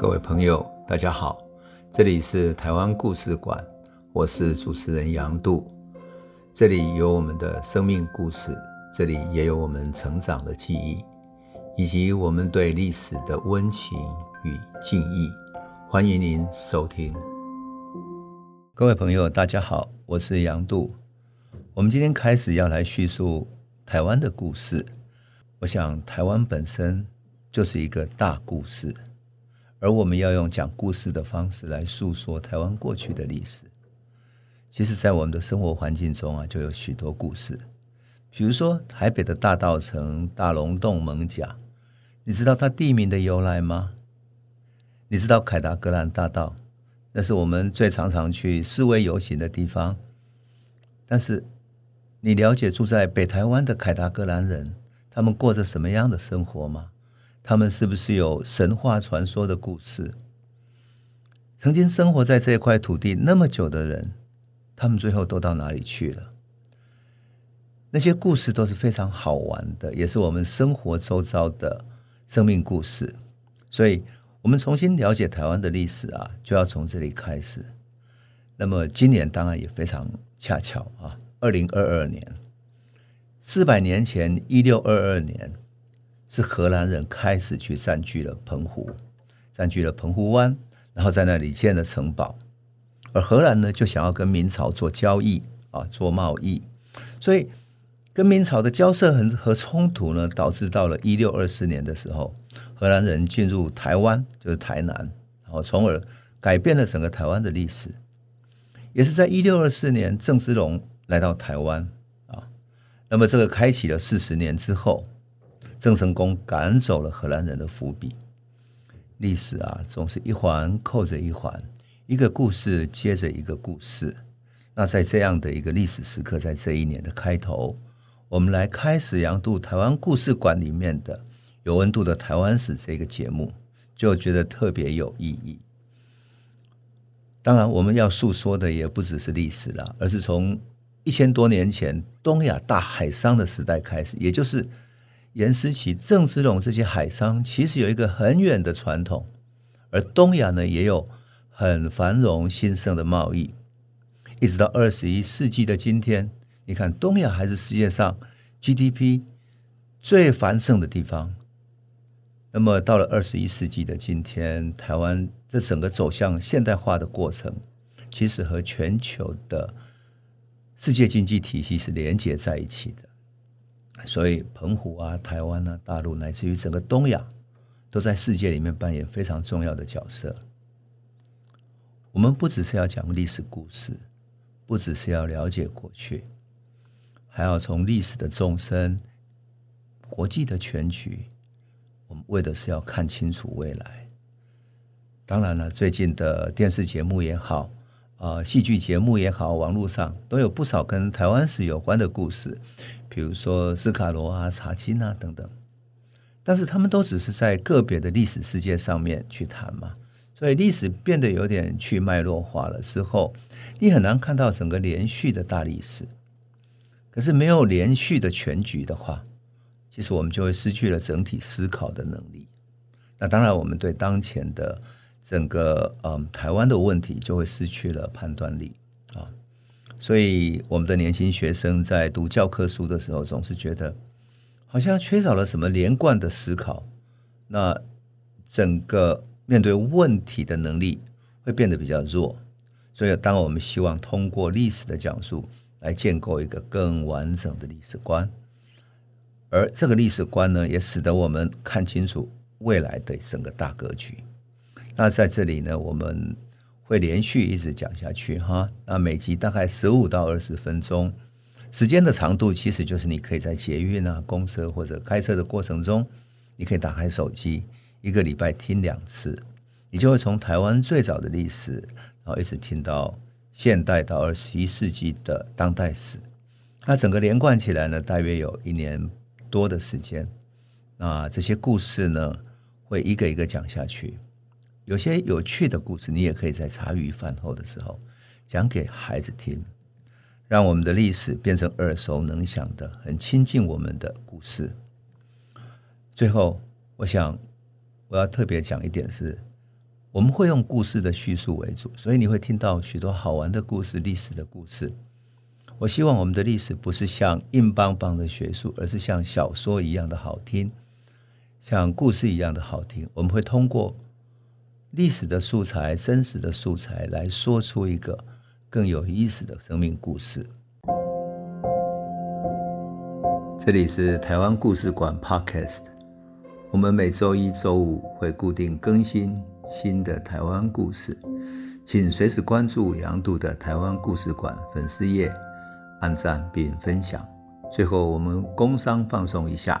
各位朋友，大家好，這裡是台灣故事館，我是主持人楊度，這裡有我們的生命故事，這裡也有我們成長的記憶，以及我們對歷史的溫情與敬意。歡迎您收聽。各位朋友，大家好，我是楊度。我們今天開始要來敘述台灣的故事。我想，台灣本身就是一個大故事。而我們要用講故事的方式來訴說台灣過去的歷史。其實，在我們的生活環境中啊，就有許多故事。比如說，台北的大稻埕、大龍峒、艋舺，你知道它地名的由來嗎？你知道凱達格蘭大道，那是我們最常常去示威遊行的地方。但是，你了解住在北台灣的凱達格蘭人，他們過着什麼樣的生活嗎？他們是不是有神話傳說的故事？曾經生活在這一塊土地那麼久的人，他們最後都到哪裡去了？那些故事都是非常好玩的，也是我們生活周遭的生命故事。所以，我們重新了解台灣的歷史啊，就要從這裡開始。那麼，今年當然也非常恰巧啊，二零二二年，四百年前，一六二二年。是荷蘭人開始去佔據了澎湖，佔據了澎湖灣，然後在那裡建了城堡。而荷蘭呢，就想要跟明朝做交易啊，做貿易，所以跟明朝的交涉和衝突呢，導致到了一六二四年的時候，荷蘭人進入台灣，就是台南，然後從而改變了整個台灣的歷史。也是在一六二四年，鄭芝龍來到台灣啊，那麼這個開啟了四十年之後。鄭成功趕走了荷蘭人的伏筆，歷史啊，總是一環扣着一環，一個故事接着一個故事。那在這樣的一個歷史時刻，在這一年的開頭，我們來開始楊渡台灣故事館裡面的有溫度的台灣史這個節目，就覺得特別有意義。當然，我們要訴說的也不只是歷史了，而是從一千多年前東亞大海商的時代開始，也就是。顏思齊、鄭芝龍這些海商，其實有一個很遠的傳統，而東亞呢也有很繁榮興盛的貿易，一直到二十一世紀的今天，你看東亞還是世界上 GDP 最繁盛的地方。那麼到了二十一世紀的今天，台灣這整個走向現代化的過程，其實和全球的世界經濟體系是連結在一起的。所以，澎湖啊、台灣啊、大陸，乃至於整個東亞，都在世界裡面扮演非常重要的角色。我們不只是要講歷史故事，不只是要了解過去，還要從歷史的縱深、國際的全局，我們為的是要看清楚未來。當然了，最近的電視節目也好。呃，戲劇節目也好，網絡上都有不少跟台灣史有關的故事，比如說斯卡羅啊、茶金啊等等。但是他們都只是在個別的歷史事件上面去談嘛，所以歷史變得有點去脈絡化了之後，你很難看到整個連續的大歷史。可是沒有連續的全局的話，其實我們就會失去了整體思考的能力。那當然，我們對當前的。整個嗯，台灣的問題就會失去了判斷力啊，所以我們的年輕學生在讀教科書的時候，總是覺得好像缺少了什麼連貫的思考，那整個面對問題的能力會變得比較弱。所以，當我們希望通過歷史的講述來建構一個更完整的歷史觀，而這個歷史觀呢，也使得我們看清楚未來的整個大格局。那在這裡呢，我們會連續一直講下去哈。那每集大概十五到二十分鐘，時間的長度其實就是你可以在捷運啊、公車或者開車的過程中，你可以打開手機，一個禮拜聽兩次，你就會從台灣最早的歷史，然後一直聽到現代到二十一世紀的當代史。那整個連貫起來呢，大約有一年多的時間。那這些故事呢，會一個一個講下去。有些有趣的故事，你也可以在茶餘飯後的時候講給孩子聽，讓我們的歷史變成耳熟能詳的、很親近我們的故事。最後，我想我要特別講一點是，我們會用故事的敘述為主，所以你會聽到許多好玩的故事、歷史的故事。我希望我們的歷史不是像硬邦邦的學術，而是像小說一樣的好聽，像故事一樣的好聽。我們會通過，歷史的素材、真實的素材來說出一個更有意思的生命故事。這裡是台灣故事館 Podcast，我們每周一、周五會固定更新新的台灣故事，請隨時關注楊渡的台灣故事館粉絲頁，按讚並分享。最後，我們工商放送一下。